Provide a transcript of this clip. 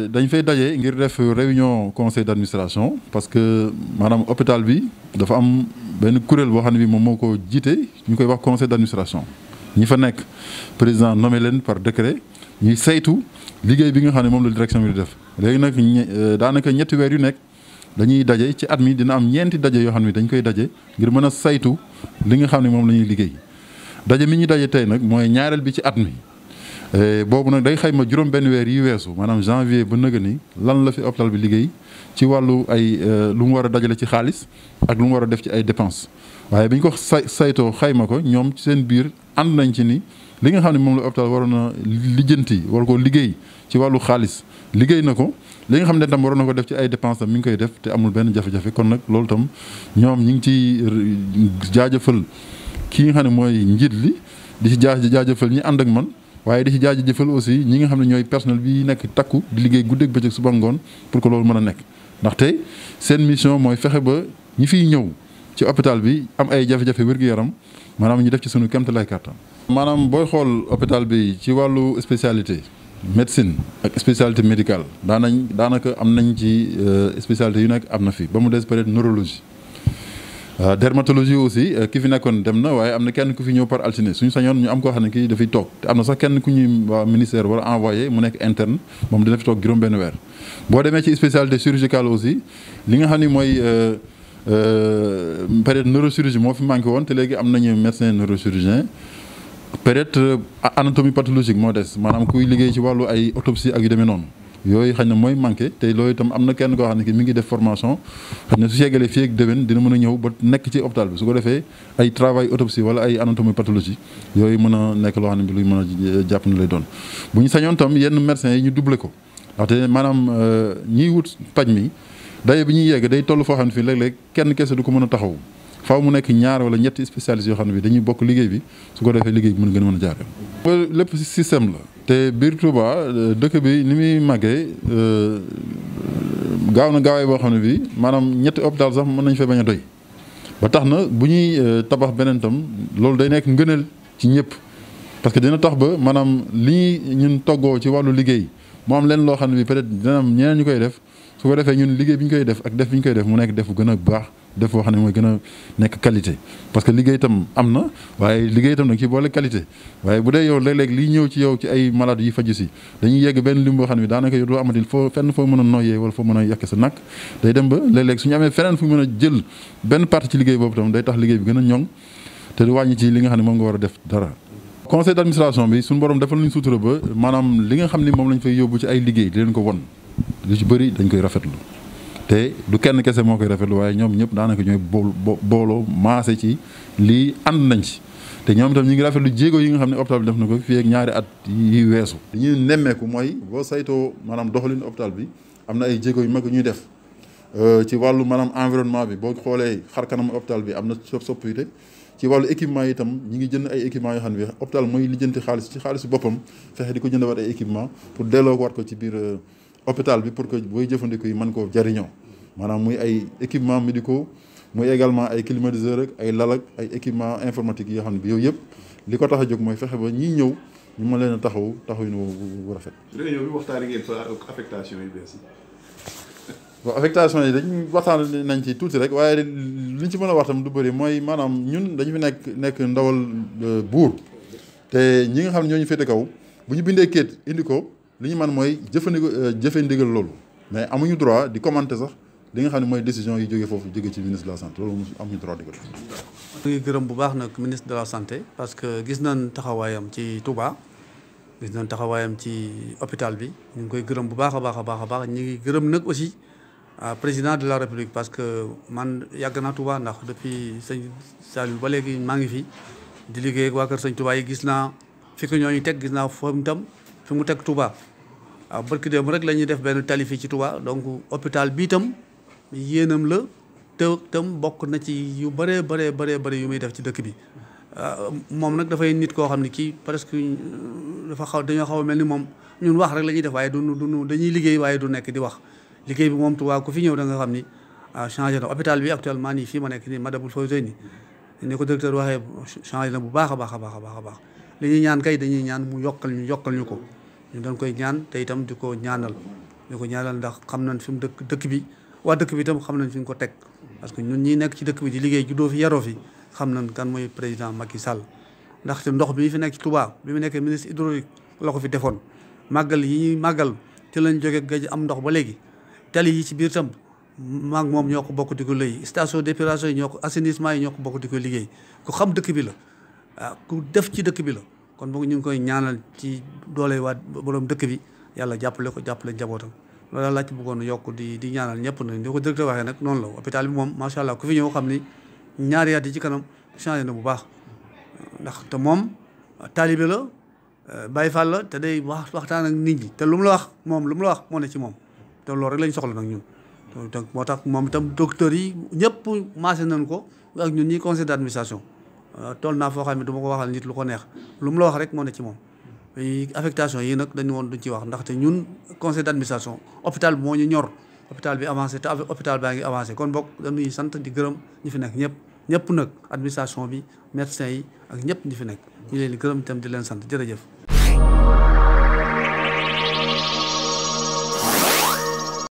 dañ fay daje ngir def réunion conseil d' administration parce que maanaam hôpital bi dafa am benn kuréel boo xam ne bi moom moo ko jiite ñu koy wax conseil d' administration ñi fa nekk président nommé leen par décret ñuy saytu liggéey bi nga xam ne moom la direction bi di def léegi nag euh, daanaka ñetti weer yu nekk dañuy daje ci at mi dina am ñeenti daje yoo xam ne dañ koy daje ngir mën a saytu li nga xam ne moom la ñuy liggéey daje mi ñuy daje tey nag mooy ñaareel bi ci at mi. Eh, boobu nag day xayma juróom benn weer yi weesu maanaam janvier ba nëga ni lan la fi hôpital bi liggéey ci wàllu ay eh, lu mu war a dajale ci xaalis ak lu mu war a def ci ay dépenses waaye bi ko say saytoo xayma ko ñoom ci seen biir ànd nañ ci ni li nga xam ne moom la hôpital waroon na lijjanti war ko liggéey ci wàllu xaalis liggéey na ko li nga xam ne tam waroon na ko def ci ay dépenses tam mi ngi koy def te amul benn jafe-jafe kon nag loolu tam ñoom ñu ngi ci eh, jaajëfal ki nga xam ne mooy njiit li di ci jaajëfal ñi ànd ak man waaye di ci jaajëfal aussi ñi nga xam ne ñooy personnel bi nekk takku di liggéey guddeeg bëccëg suba ngoon pour que loolu mën a nekk ndax tey seen mission mooy fexe ba ñi fiy ñëw ci hôpital bi am ay jafe-jafe wér-gu-yaram maanaam ñu def ci sunu kéemte lay kàttan. maanaam booy xool hôpital bi ci wàllu spécialité médecine ak spécialité médicale daanañ daanaka am nañ ci euh, spécialité yu nekk am na fi ba mu des peut neurologie. Euh, dermatologie aussi euh, ki fi nekkoon dem na waaye am na kenn ku fi ñëw par altine suñu sañoon ñu am koo xam ne ki dafay toog te am na sax kenn ku ñuy waa ministère war envoyé mu nekk interne moom dina fi toog juróom-benn weer. boo demee ci spécialité chirurgicale aussi li nga xam ni mooy euh, peut-être neurochirurgie moo fi manqué woon te léegi am nañu médecin neurochirurgien peut-être anatomie pathologique moo des maanaam kuy liggéey ci wàllu ay autopsie ak yu demee noonu. yooyu xëy na mooy manqué te looy itam am na kenn koo xam ne ki mi ngi def formation xëy na su yeggalee fii ak déwén dina mën a ñëw ba nekk ci hôpital bi su ko defee ay travail autopsie wala ay anatomie pathologie yooyu mën a nekk loo xam ne bi luy mën a jàpp na lay doon bu ñu sañoon tam yenn médecins yi ñu doublé ko ndaxte maanaam euh, ñiy wut paj mi daye bi ñu yegg day toll foo xam ne fii léeg-léeg kenn kese du ko mën a taxaw faaw mu nekk ñaar wala ñett spécialistes yoo xam ne bi dañuy bokk liggéey bi su ko defee liggéey bi gën a mën a jaar lépp système la te biir Touba euh, dëkk bi ni muy màggee euh, gaaw na gaawee boo xam ne bii maanaam ñetti hôpital sax mën nañu fee bañ a doy ba tax na bu ñuy euh, tabax beneen tam loolu day nekk ngëneel ci ñëpp parce que dina tax ba maanaam li ñun toggoo ci wàllu liggéey mu am leen loo xam ne bi peut-être dina ñeneen ñu koy def su ko defee ñun liggéey bi ñu koy def ak def bi ñu koy def mu nekk def bu gën a baax def xam ne mooy gën a nekk qualité parce que liggéey itam am na waaye liggéey itam da nga ciy boole qualité waaye bu dee yow léeg-léeg liy ñëw ci yow ci ay malade yi faj si dañuy yegg benn lim boo xam ne daanaka yow doo amatil foo fenn foo mën a noyyee wala foo mën a dem ba léeg-léeg suñu amee feneen mën a jël benn partie ci liggéey boobu itam day tax liggéey bi gën a ñoŋ te du wàññi ci li nga xam ne moom nga war a def dara conseil d'administration bi suñu boroom defal nañu sutura ba maanaam li nga xam ne moom lañ fay yóbbu ci ay liggéey di leen ko won lu bëri dañ koy rafetlu te du kenn kese moo koy rafetlu waaye ñoom ñëpp daanaka ñooy booloo maase ci lii ànd nañ ci te ñoom itam ñu ngi rafetlu jéego yi nga xam ne hôpital bi def na ko fii ñaari at yi weesu. ñuy nemmeeku mooy boo saytoo maanaam doxalin hôpital bi am na ay jéego yu mag ñuy def euh, ci wàllu maanaam environnement bi boo xoolee xar kanam hôpital bi am na soppite ci wàllu équipement yi itam ñi ngi jënd ay équipement yoo xam ne hôpital mooy lijjanti xaalis ci xaalisu boppam fexe di ko jënd wat ay équipement pour delloo ko wat ko ci biir. Euh, hôpital bi pour que booy jëfandikoo yi man koo jariñoo maanaam muy ay équipements médicaux muy également ay climatiseurs ak ay lal ak ay équipements informatiques yoo xam ne bi yooyu yëpp li ko tax a jóg mooy fexe ba ñiy ñëw ñu mën leen a taxaw taxaw ñu bu rafet. réunion bi waxtaanee ngeen sa affectation yu yi. waaw affectation yi dañ waxtaan nañ ci tuuti rek waaye liñ ci mën a wax tam du bëri mooy maanaam ñun dañu nekk nekk ndawal euh, buur te ñi nga xam ñoo ñu féete kaw bu ñu bindee kéet indi ko. li ñu man mooy jëfandiku euh, jëfe ndigal loolu mais amuñu droit di commenter sax li nga xam ne mooy décision yi jóge foofu jóge ci ministre de la santé loolu amuñu droit di ko def. ngi gërëm bu baax nag ministre de la santé parce que gis nañ taxawaayam ci Touba gis nañ taxawaayam ci hôpital bi ñu ngi koy gërëm bu baax a baax a baax a baax ñu ngi gërëm nag aussi ah, président de la république parce que man yàgg naa Touba ndax depuis sëñ Saliou ba léegi maa ngi fi di liggéey ak waa Kër Sëñ Touba yi gis naa fi ko ñooñu teg gis naa foofu itam. fi mu teg Touba waaw ah, barki démb rek la ñuy def benn talifi ci tubaa donc hôpital bi itam yéenam la te tam bokk na ci yu bëree bëree bëree bëri yu muy def ci dëkk bi ah, moom nag dafay nit koo xam ne kii presque euh, dafa xaw dañoo xaw a mel ni moom ñun wax rek la ñuy def waaye du du dañuy liggéey waaye du nekk di wax liggéey bi moom Touba ku fi ñëw da nga xam ni ah, changé na hôpital bi actuellement nii fii ma nekk nii Matlaboul Fawzayni ne ko directeur waxee changé na bu baax a baax a baax a baax li ñuy ñaan kay dañuy ñaan mu yokkal ñu yokkal ñu ko ñu dañ koy ñaan te itam di ko ñaanal di ko ñaanal ndax xam nañ fi mu dëkk dëkk bi waa dëkk bi tam xam nañ fi ñu ko teg parce que ñun ñi nekk ci dëkk bi di liggéey juddoo fi yaroo fi xam nañ kan mooy président Macky Sall ndaxte ndox bi fi nekk ci Touba mu nekkee ministre hydraulique la ko fi defoon màggal yi ñuy màggal ci lañ jógee gëj am ndox ba léegi tali yi ci biir itam maag moom ñoo ko bokk di ko lëy station d'épuration yi ñoo ko assainissement yi ñoo ko bokk di ko liggéey ku xam dëkk bi la ah ku def ci dëkk bi la kon boog ñu ngi koy ñaanal ci doole waa boroom dëkk bi yàlla jàppale ko jàppale njabootam loolu daal laa ci bëggoon yokk di di ñaanal ñëpp na ni ko directeur waxee nag noonu la hôpital bi moom macha allah ku fi ñëw xam ni ñaari ci kanam changé na bu baax ndax te moom taalibe la eh, Baay Faal te day wax waxtaan ak nit ñi te lu mu la wax moom lu mu la wax moo ne ci moom te loolu rek lañ soxla nag ñun donc moo tax moom itam docteur yi ñëpp maase nañ ko ak ñun ñi conseil d'administration Euh, toll naa foo xam ne du ma ko waxal nit lu ko neex lu la wax rek moo ne ci moom affectation yi nag dañu woon duñ ci wax ndaxte ñun conseil d'administration hôpital bi moo ñu ñor hôpital bi avancé te hôpital baa ngi avancé kon bokk dañuy sant di gërëm ñi fi nekk ñëpp ñëpp nag administration bi médecin yi ak ñëpp ñi fi nekk ñu leen di gërëm itam di leen sant jërëjëf